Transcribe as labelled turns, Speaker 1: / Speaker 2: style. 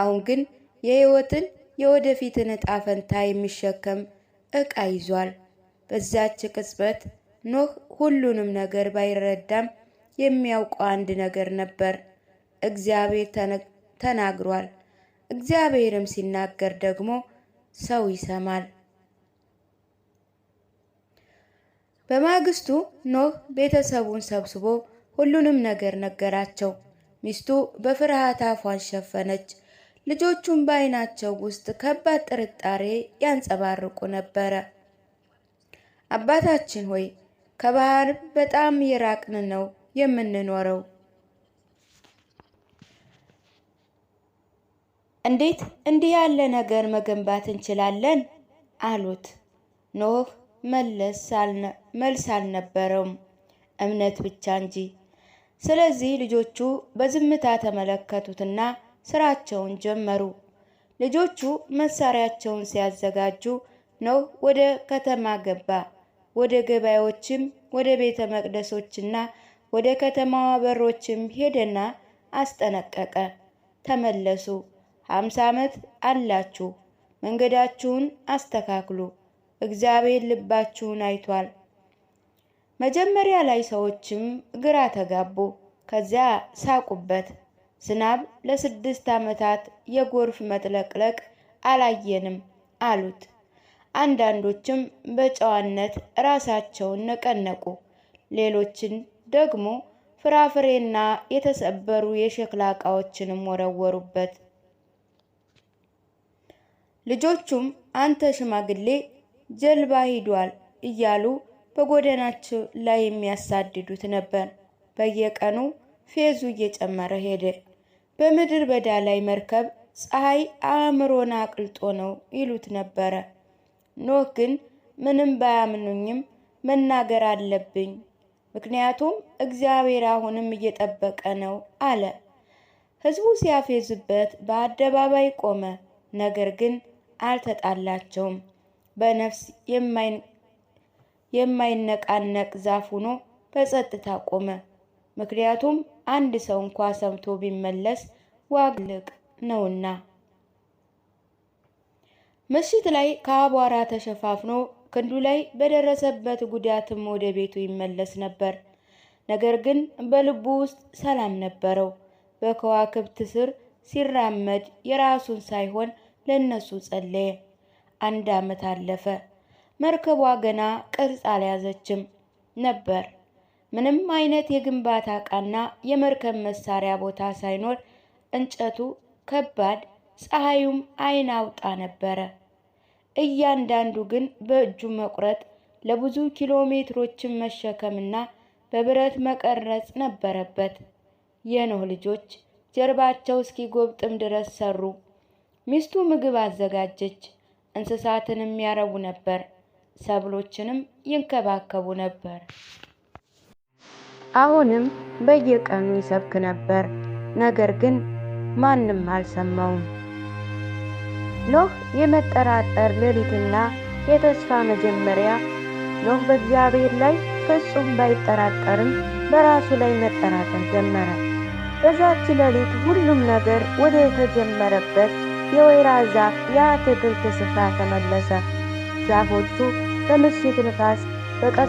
Speaker 1: አሁን ግን የሕይወትን የወደፊትን ዕጣ ፈንታ የሚሸከም እቃ ይዟል። በዛች ቅጽበት ኖህ ሁሉንም ነገር ባይረዳም የሚያውቀው አንድ ነገር ነበር። እግዚአብሔር ተናግሯል። እግዚአብሔርም ሲናገር ደግሞ ሰው ይሰማል። በማግስቱ ኖህ ቤተሰቡን ሰብስቦ ሁሉንም ነገር ነገራቸው። ሚስቱ በፍርሃት አፏን ሸፈነች። ልጆቹም በአይናቸው ውስጥ ከባድ ጥርጣሬ ያንጸባርቁ ነበረ። አባታችን ሆይ ከባህር በጣም የራቅን ነው የምንኖረው።
Speaker 2: እንዴት እንዲህ ያለ ነገር መገንባት እንችላለን? አሉት። ኖህ መልስ አልነበረውም፣ እምነት ብቻ እንጂ። ስለዚህ ልጆቹ በዝምታ ተመለከቱትና ስራቸውን ጀመሩ። ልጆቹ መሳሪያቸውን ሲያዘጋጁ ኖህ ወደ ከተማ ገባ። ወደ ገበያዎችም፣ ወደ ቤተ መቅደሶችና ወደ ከተማዋ በሮችም ሄደና አስጠነቀቀ። ተመለሱ፣ ሀምሳ ዓመት አላችሁ፣ መንገዳችሁን አስተካክሉ፣ እግዚአብሔር ልባችሁን አይቷል። መጀመሪያ ላይ ሰዎችም ግራ ተጋቡ፣ ከዚያ ሳቁበት። ዝናብ ለስድስት ዓመታት የጎርፍ መጥለቅለቅ አላየንም አሉት። አንዳንዶችም በጨዋነት ራሳቸውን ነቀነቁ። ሌሎችን ደግሞ ፍራፍሬና የተሰበሩ የሸክላ ዕቃዎችንም ወረወሩበት። ልጆቹም አንተ ሽማግሌ ጀልባ ሂዷል እያሉ በጎዳናቸው ላይ የሚያሳድዱት ነበር። በየቀኑ ፌዙ እየጨመረ ሄደ። በምድር በዳ ላይ መርከብ ፀሐይ አእምሮን አቅልጦ ነው ይሉት ነበረ። ኖህ ግን ምንም ባያምኑኝም መናገር አለብኝ፣ ምክንያቱም እግዚአብሔር አሁንም እየጠበቀ ነው አለ። ሕዝቡ ሲያፌዝበት በአደባባይ ቆመ። ነገር ግን አልተጣላቸውም። በነፍስ የማይነቃነቅ ዛፍ ሆኖ በጸጥታ ቆመ። ምክንያቱም አንድ ሰው እንኳ ሰምቶ ቢመለስ ዋጋ ትልቅ ነውና። ምሽት ላይ ከአቧራ ተሸፋፍኖ ክንዱ ላይ በደረሰበት ጉዳትም ወደ ቤቱ ይመለስ ነበር። ነገር ግን በልቡ ውስጥ ሰላም ነበረው። በከዋክብት ስር ሲራመድ የራሱን ሳይሆን ለነሱ ጸለየ። አንድ ዓመት አለፈ። መርከቧ ገና ቅርጽ አልያዘችም ነበር። ምንም አይነት የግንባታ ዕቃና የመርከብ መሳሪያ ቦታ ሳይኖር እንጨቱ ከባድ፣ ፀሐዩም አይን አውጣ ነበረ። እያንዳንዱ ግን በእጁ መቁረጥ፣ ለብዙ ኪሎ ሜትሮችን መሸከምና በብረት መቀረጽ ነበረበት። የኖህ ልጆች ጀርባቸው እስኪ ጎብጥም ድረስ ሰሩ። ሚስቱ ምግብ አዘጋጀች፣ እንስሳትንም ያረቡ ነበር፣ ሰብሎችንም ይንከባከቡ ነበር።
Speaker 1: አሁንም በየቀኑ ይሰብክ ነበር፣ ነገር ግን ማንም አልሰማውም። ኖህ የመጠራጠር ሌሊትና የተስፋ መጀመሪያ። ኖህ በእግዚአብሔር ላይ ፍጹም ባይጠራጠርም በራሱ ላይ መጠራጠር ጀመረ። በዛች ሌሊት ሁሉም ነገር ወደ ተጀመረበት የወይራ ዛፍ የአትክልት ስፍራ ተመለሰ። ዛፎቹ በምሽት ንፋስ